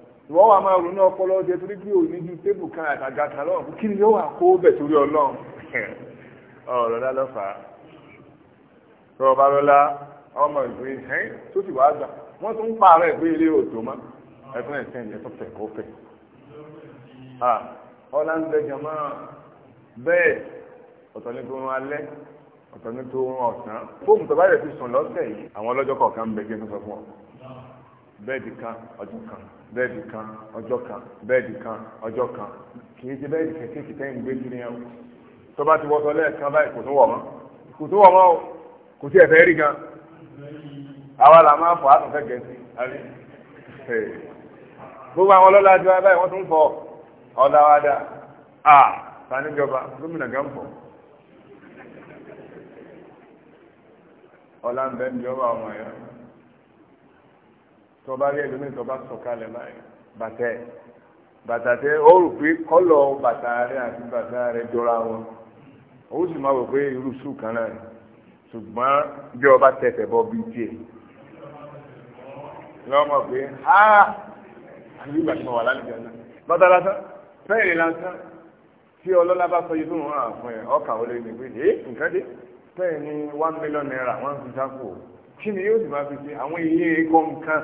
ìwọ́n wà máa ronú ọpọlọ ọdẹ torí pé òní ju tébù kan àtàgà kan lọ́wọ́ kí ni yóò wà kó bẹ̀ torí ọlọ́run ọ̀rọ̀ lálọ́fà rọba lọ́la ọmọ ìgbé ẹ̀ tó ti wá gbà wọ́n tún ń pààrọ̀ ìgbé ilé òtò mọ́ ẹ̀fún ẹ̀sẹ̀ ẹ̀ tó fẹ̀ kó fẹ̀ ọ̀la ń bẹ̀jọ̀ mọ́ bẹ́ẹ̀ ọ̀tọ̀ ní tó wọn alẹ́ ọ̀tọ̀ ní tó wọn ọ̀sán fóònù tó bá yẹ ti sùn lọ́sẹ̀ yìí àwọn ọlọ́jọ́ kọ̀ọ̀kan ń bẹ bẹ́ẹ̀dì kan ọjọ́ kan bẹ́ẹ̀dì kan ọjọ́ kan bẹ́ẹ̀dì kan ọjọ́ kan kì o ti wọ́sọ lẹ́ẹ̀kan báyìí kò kò o kò sí ẹ̀fẹ́ rí gan àwa là máa fọ àtúnfẹ́ gẹ̀ẹ́sì àbí gbogbo àwọn ọlọ́lá ti wá báyìí wọ́n tún fọ ọ̀dà gómìnà gan fọ ń tọba rí ẹlòmíì tọba sọ̀kalẹ̀ báyìí bàtà ẹ bàtà tẹ ọ rò pé kọlọ bàtà rẹ àti bàtà rẹ jọra wọn ó sì máa wò pé irú sùn kan náà ṣùgbọ́n bí ọba tẹsẹ̀ bọ bíi tiẹ̀ lọ́mọ pé á àbí ìgbà tí mo wà lálẹ́ jẹun náà bàtà lásán fẹ́ẹ̀rẹ̀ lásán tí ọlọ́lá bá sọ yìí fún wọn àfún ẹ̀ ọkà wọlé ní pé ẹ nǹkan dé fẹ́ẹ̀ ni one million naira wọ́n fi sáfò kí ni yóò sì máa fi ṣe àwọn iye kọ̀ọ̀kan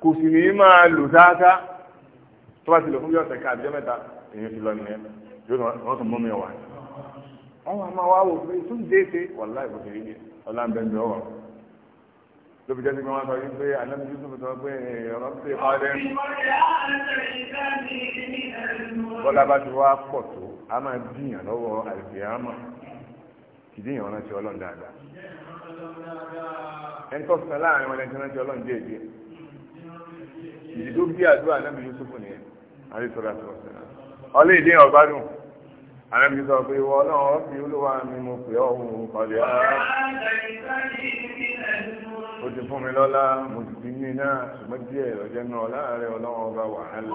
kò sì ní máa lò dáadáa tó bá ti lò fún bí ọ̀sẹ̀ ká àbíjọ́ mẹ́ta èyí ti lọ nìyẹn yóò tún mú mi wà. àwọn àmọ́ wa wò pé tún déédéé wàlá ìbòsè yìí ọ̀la ń bẹ́ẹ̀ ọ̀wọ̀ lóbi jẹ́ pé wọ́n sọ wípé anábì Yusuf sọ pé ọ̀rọ̀ pé bọ́lá bá ti wá pọ̀ tó a máa dìyàn lọ́wọ́ àìsíyàmọ̀ kìdíyàn ọ̀rọ̀ ti ọlọ́run dáadáa láàrin wọn ìdí tó bí àdúrà anábì Yusuf nìyẹn àríṣọ́lá tó ọ̀sẹ̀ náà ọlé ìdí ọ̀bá dùn anábì sọ pé ìwọ ọlọ́run ọ̀fì olúwa mi mo pè ọ́ òun pàdé ara ó ti fún mi lọ́lá mo sì ti ní náà ṣùgbọ́n díẹ̀ lọ́jọ́ náà láàárẹ̀ ọlọ́run ọba wà á lọ.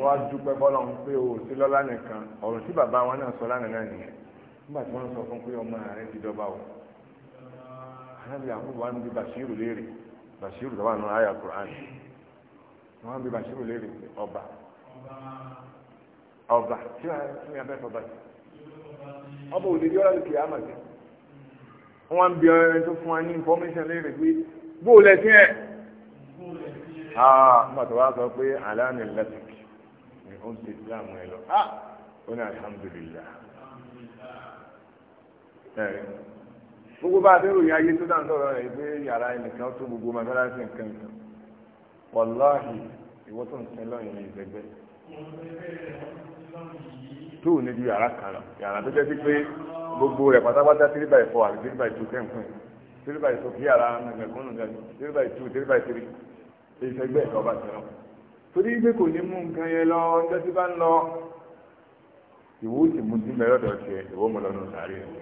wọ́n á dúpẹ́ bọ́lọ̀ ń pé o sí lọ́lá nìkan ọ̀rọ̀ tí bàbá wọn náà sọ lánàá nìyẹn nígbà tí wọ́n sọ fún pé ọmọ rẹ ti dọ́ba o anábì àkókò wa ń bi bàṣírù léèrè bàṣírù tó wà nù ayà Qur'an wọn ń bi bàṣírù léèrè ọba ọba tí wọn fún yàrá fọba sí ọba òdìdí ọlọ́dún kìí àmà sí wọn ń bi tó fún wa ní information léèrè pé bó lẹ́sìn ẹ̀ ah nígbà tó wá sọ pé aláàánú lẹ́sìn ni ó ń ṣe Islam ẹ lọ ó ní alhamdulillah gbogbo bá a ti ròyìn ayé tó dáhùn sọ̀rọ̀ rẹ̀ pé yàrá ẹnìkan tó gbogbo mọ́sálásí nǹkan kan wàláhì ìwọ́n tó ń sin lọ́yìn ní ìgbẹ́gbẹ́ tó ní ju yàrá kan lọ yàrá tó jẹ́ sí pé gbogbo rẹ̀ pátápátá three by four àti three by two kẹ́ǹkùn three by two kí yàrá mẹ̀gbẹ̀kún nìkan three by two three by three ìṣẹ́gbẹ́ ẹ̀kọ́ bá ti lọ torí pé kò ní mú nǹkan yẹn lọ ọjọ́ tí bá ń lọ ìwọ ó mú sí mẹ́rọ̀dọ̀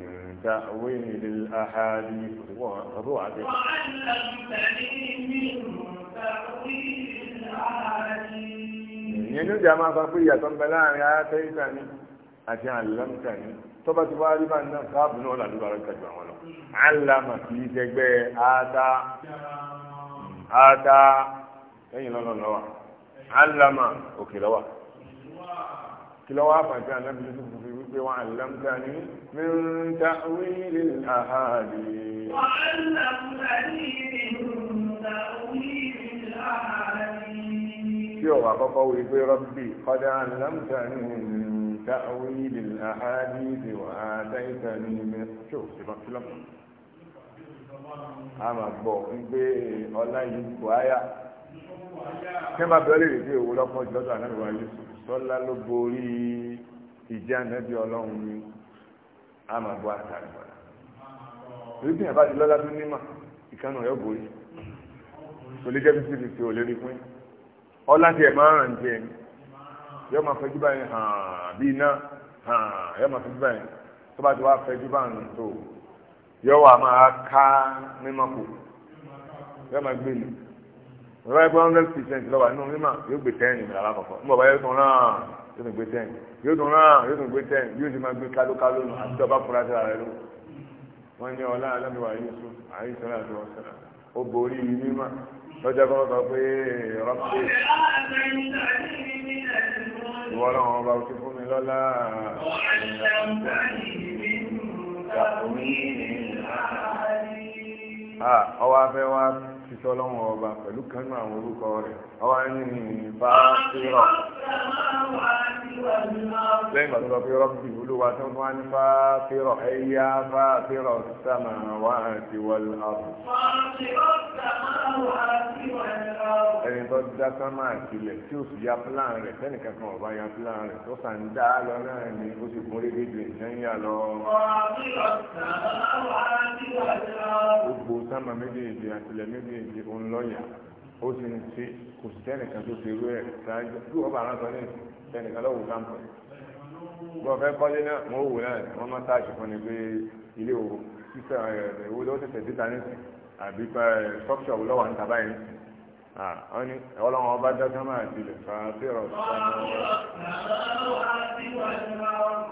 تأويل الأحاديث وضوع وأن
لم تلي منه تأويل الأحاديث
ينجو جماعة صفية تنبلان يا تيتني àti àlámkàní tó bá ti wá rí bá ń náà káàbù náà làdúrà rẹ̀ kàjú àwọn lọ. àlámà kì í sẹgbẹ́ ata ata lẹ́yìn lọ́nà lọ́wọ́ àlámà òkè lọ́wọ́ kìlọ́wọ́ àfàtì ànábì yusuf fi wípé wọn àlámta ní mẹ́ta wíìlì àhàdì. tí ọ̀wà àkọ́kọ́ wípé rọ́bì kọ́dá àlámta ní mẹ́ta wíìlì àhàdì ti wà á dáìta ní mẹ́ta tí kí wọ́n bá bẹ̀rẹ̀ lè dé ìwò lọ́pọ̀ jù lọ́dọ̀ ànábì wa Yusuf sọ́lá ló borí ìjà ànábì ọlọ́run ní àmàbọ̀ àtàlùbọ̀lá èyí bí àbájú lọ́lá tó nímà ìkànnì ọ̀yọ́ borí kò lè jẹ́ fífi fífi ò lè rí pín ọlá tiẹ̀ máa ràn tiẹ̀ ni yọ́ọ́ máa fẹjú báyìí hàn bí iná hàn yọ́ọ́ máa fẹjú báyìí tó bá ti wá fẹjú báyìí tó yọ́ọ́ wà máa ká mímọ́ kù yọ́ọ́ máa gbé mi lọ́wọ́ ẹgbẹ́ hundred percent lọ́wọ́ inú mímà yóò gbé ten ní ìlànà àkọ́kọ́ ń bọ̀ bá yóò tún náà yóò tún gbé ten yóò tún náà yóò tún gbé ten yóò sì máa gbé kálókáló nù àti tọ́ba fúra sí ara rẹ ló wọ́n ní ọlá alámiwá yéṣu àyè sọ́lá àti wọ́n sọ́lá ó borí mímà lọ́jọ́ kan sọ pé rọ́pì
ìwọ ọlọ́run ọba ó ti
fún mi lọ́lá ah, ọwọ́ afẹ́ wa sí ọlọ́run ọba pẹ̀lú kanú àwọn orúkọ rẹ̀ ọwọ́ ẹni ní ìbá fírọ̀
lẹ́yìn pàtó lọ́pẹ́
rọ́bì olúwa tó wá ní fáfírọ̀ ẹ̀yà fáfírọ̀ sàmà wá àti wọlé ọ̀rọ̀. ẹni tó dá sánmà àtìlẹ̀ tí ó sì ya plan rẹ̀ sẹ́nìkan kan ọ̀bá ya plan rẹ̀ tó sàn dá lọ náà ni ó sì kún rédíò ju ìsẹ́yìn lọ. gbogbo sánmà méjèèjì àtìlẹ̀ méjèèjì òun lọ́yà ó sì ń ṣe kò sí sẹ́nìkan tó ṣerú ẹ̀ ṣáájú bí wọ́n bá rán sọ ní ìsìn tẹnìkan lọ́wọ́ kámpẹ̀ bọ́ fẹ́ kọ́lé náà wọ́n wò náà wọ́n máa táàṣì fún ni pé ilé òwò sísẹ ìwé lọ́wọ́ tẹ̀sẹ̀ síta ní àbí sọ́kṣọ̀ lọ́wọ́ ń tàbá yìí wọ́n ní ọlọ́run ọba dájọ́ máa ti lè fa fẹ́rọ̀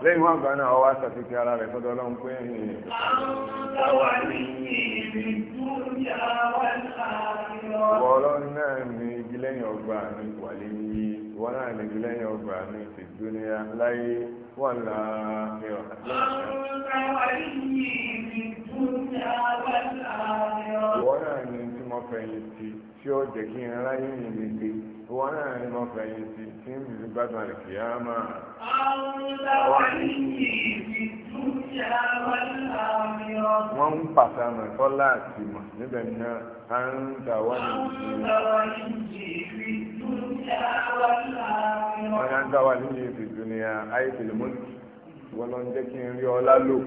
lẹ́yìn wọn gbaná ọwọ́ àṣàfikẹ́ ara rẹ̀ tọ́jọ́ ọlọ́run pé ẹ̀yìn ọ̀rọ̀ náà ní ìdílẹ́yìn ọgbà ní wàlẹ́ yìí ìwọ náà lè gbé lẹ́yìn ọgbà ní ti dúníyà láyé wọ́n là á fi ọ̀hán.
ìwọ náà ni
tí mo fẹ̀yìn tì tí ó jẹ́ kí n ráyé yìí lè gbé ìwọ náà ni mo fẹ̀yìn tì tí ń bìbí gbádùn àlè kìí máa. wọ́n ń pàṣẹ àmọ́ ẹ̀kọ́ láti mọ̀ níbẹ̀ náà à ń tàwọn ìjì anta waliyyi fid dunya ayé fil mulk wọn lọ ń jẹ́ kí n rí ọlá lò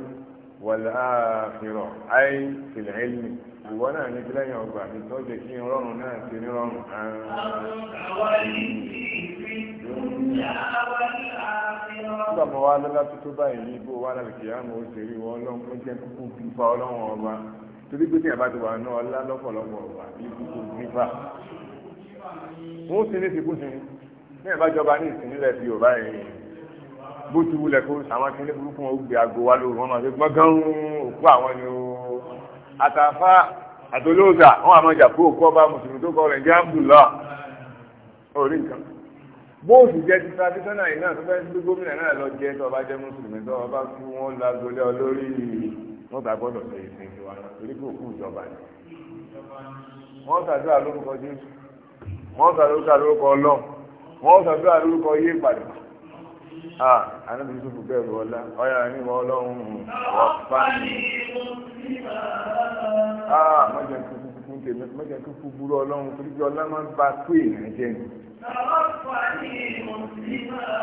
wal akhirah ayé fil ilmi ìwọ náà ní bí lẹ́yìn ọgbà mi tó jẹ́ kí n rọrùn náà ti ní rọrùn. nígbà mo wá lọ́lá tó tó báyìí ní ibò wà lálùkì àmọ́ ó ṣèrí wọn ọlọ́run ó jẹ́ kúkú fífa ọlọ́run ọba torí pé tí a bá ti wà náà ọlá lọ́pọ̀lọpọ̀ ọba ní kúkú wọ́n ti ní ti kú sí ni ní ẹ̀bá jọba ní ìsìn nílẹ̀ bí yorùbá yìí bó ti wulẹ̀ kó àwọn akíní burúkú wọn ó gbé aago wá lóru wọn máa fi gbọ́ngàn òkú àwọn ni ó àtàfà àtolóògà wọn àmọ́ ìjà fún òkú ọba mùsùlùmí tó kọ́ rẹ̀ jẹ́ abdullah orí nǹkan bóòsì jẹ́ ti traditional yìí náà tó fẹ́ gbé gómìnà náà lọ jẹ́ tó ọba jẹ́ mùsùlùmí tó ọba kú wọn lágolé olórí wọn gbà gbọ́dọ̀ sọ ìsìn tiwa torí pé òkú ìjọba wọ́n sọ bí àlúkọ yé ìpàdé ah anábì yusufu bẹ́ẹ̀ bọ́ ọlá ọyà ní ọlọ́run ọ̀pá ní ah mọ́jẹ̀ kú fún tèmi mọ́jẹ̀ kú fún burú ọlọ́run torí pé ọlá máa ń ba tó èèyàn jẹ́ ni.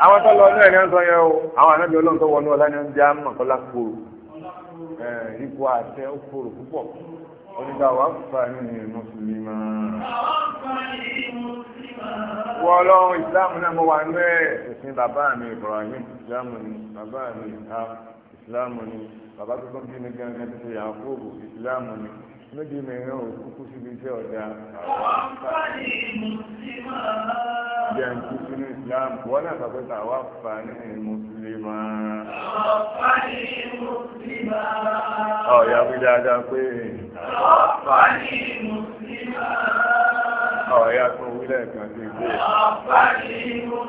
àwọn tó lọ ọdún ẹ̀ ní
ọ̀sán yẹn o àwọn anábì ọlọ́run tó wọnú ọlá ní ọjà mọ̀kọ́lá kúrò
ọlọ́run ìsìláàmù náà mo wà
ní ẹ̀ ẹ̀sìn bàbá mi Ibrahim ìsìláàmù ni bàbá mi ìhà ìsìláàmù ni bàbá tó tó ń bí mi gangan tó ṣe Yakubu ìsìláàmù ni méjì mìíràn ò kúkú síbi iṣẹ́ ọ̀dà jẹ́ ń kú sínú Islam wọ́n náà sọ pé àwọn àfààní mùsùlùmá ọ̀yà wí dáadáa pé àwọn
àfààní mùsùlùmá ọ̀yá
tó wílẹ̀ kan sí
ìgbé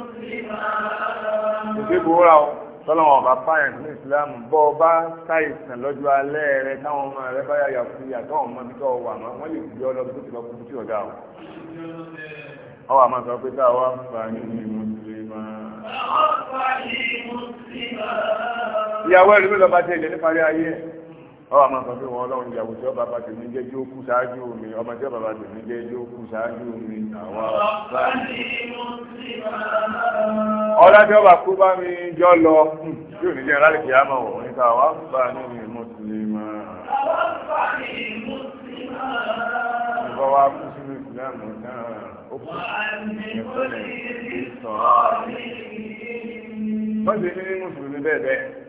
ìgbébò
rà ọ tọ́lọ́wọ̀n ọ̀bá páyàn ní ìsìlámù bọ́ ọba sáìsàn lọ́jọ́ alẹ́ rẹ táwọn ọmọ rẹ bá yàyà fún ìyà tó ọmọ bí tó wà mọ́ wọ́n lè gbé ọlọ́dún tó ti lọ kúkú tí ọ̀gá o ọwọ́ àmọ́ sọ pé táwa fà ní mùsùlùmá.
ìyàwó ẹ̀rí mi lọ́ba
tẹ̀lé níparí ayé ẹ̀ ọwọ́ àmọ́ sọ pé wọn ọlọ́run ìyàwó tí ọba bàtẹ̀ mi jẹ́ yóò kú ṣáájú mi ọmọ tí ọba bàtẹ̀ mi jẹ́ yóò kú ṣáájú mi àwọn ọba. ọlá tí ọba kú bá mi jọ lọ hmm, tí ò ní jẹ́ láti kí wọ̀ nípa àwọn àfúgbà ní mi mùsùlùmí. ìbọn wa kú sí mi kù náà mọ̀ náà ó kú ìfọ̀lẹ̀ ìsọ̀rọ̀. wọ́n ti ní mùsùlùmí bẹ́ẹ̀ bẹ́ẹ̀.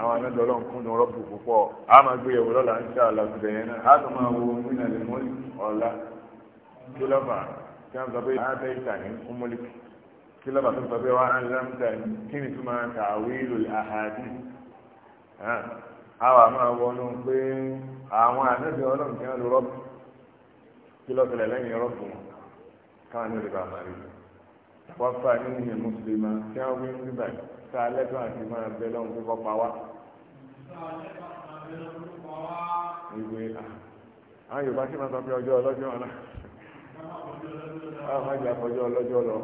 àwọn anájọ ọlọ́run kún ní rọ́bù púpọ̀ a máa gbé yẹ̀wò lọ́la ń ṣe àlàkùnrin yẹn náà a máa wo nínú ẹ̀lẹ́ mọ́lì ọ̀la kí lọ́ba kí wọ́n sọ pé a ìta ní mọ́lì kí sọ pé wọ́n á ń ni tó máa ta àhàdì àwọn àmọ́ pé àwọn ọlọ́run kí wọ́n lo kí lẹ́yìn wọn káwọn ní ìwé ah, àwọn yorùbá sì máa sọ ọjọ́ ọlọ́jọ́ ọ̀la ọmọ ìjà fọjọ́ ọlọ́jọ́ lọ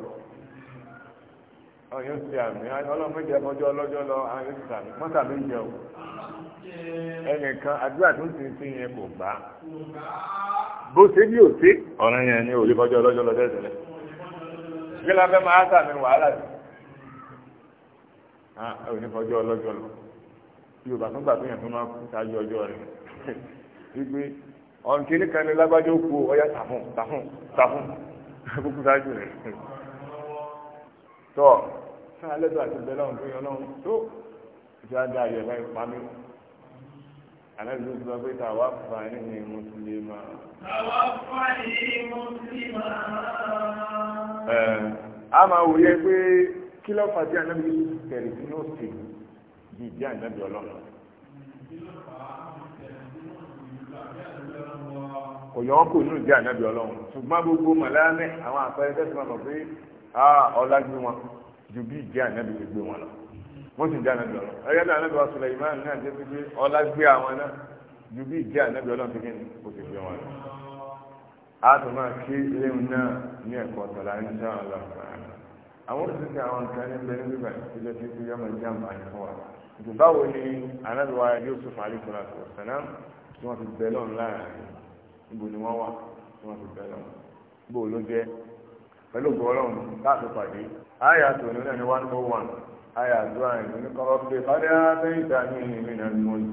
ọyọ ti àmì ọlọ́mọ ìjà fọjọ́ ọlọ́jọ́ lọ ayọ ti sàmì mọ́tà mi jẹ o ẹnìkan àdúrà tó ń sin sí yẹn kò gbà bó ṣe bí ò sí ọ̀ràn yẹn ni òye fọjọ́ ọlọ́jọ́ lọ tẹ́tẹ́lẹ̀ kí la fẹ́ máa sàmì wàhálà sí ah, òní fọjọ́ ọlọ́jọ́ lọ yorùbá tó gbà tó yàn tó máa kú ṣáájú ọjọ́ rẹ̀ wípé ọ̀nkìnní kan ní lágbájọ́ kú ọyá tàfún tàfún tàfún kúkú ṣáájú rẹ̀ tọ́ sáà lẹ́tọ̀ àti bẹ́ẹ̀ lọ́hùn tó yàn lọ́hùn tó ìjà dá ayọ̀ ẹ̀ pa mí aláìlú sọ pé tàwa fà ní mùsùlùmá.
tàwa fà ní mùsùlùmá.
ẹ a máa wòye pé kí ló fà sí anábìyí tẹ̀lé sínú òṣèlú. ju ìdí ànábì ọlọ́run. òyàn kò nínú ìdí ànábì ọlọ́run ṣùgbọ́n gbogbo màláàmẹ́ àwọn àpẹẹrẹ tẹ́sán mọ̀ pé ọlájú wọn ju bí ìdí lè gbé wọn lọ wọ́n sì ọlọ́run wa pé ọlá gbé àwọn náà ju bí ọlọ́run fi kíni kò sì gbé wọn lọ. a máa léwu náà ní ẹ̀kọ́ tọ̀lá ní sáà àwọn òṣìṣẹ́ àwọn nígbà jẹ́ pé fún wa báwo ni anábìwá Yusuf alifura tó sànám tí wọ́n ti bẹ̀ lọ́n láàrin ibo ni wọ́n wà tí wọ́n ti bẹ̀ lọ́n bó ló jẹ́ pẹ̀lú gbọ́lọ́n láti pàdé àyà tó ní lẹ́ni one oh one àyà tó àyìn ní kọ́ pé fàdé àtẹ̀yìntà ní ìlú ìrìnàjò wọn.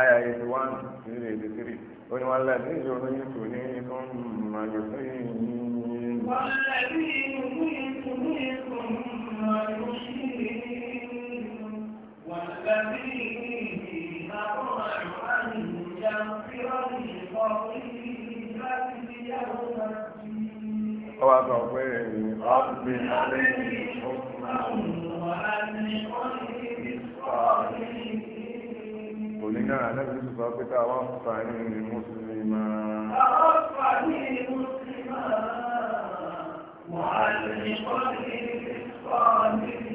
àyà eighty one sí eighty three ó ní wọn lẹ́sìn ìṣòro yìí ní ikún màjò sí yìnyín.
wọ́n lẹ́sìn ìṣòro yìí tù ní ikún màjò sí yìnyín. wọ́n lẹ́sìn ìṣòro
Ọwà sọ pé ẹ̀yìn ọ̀gbìn alẹ́ ìṣòro náà
wà ní ọ̀gbìn ìṣòro
nínú ànábì tó sọ pé káwọn ọ̀pá ní ní mùsùlùmí máa.
ọ̀pá ní mùsùlùmí máa. wàá lè kọ́ ní kọ́ ní.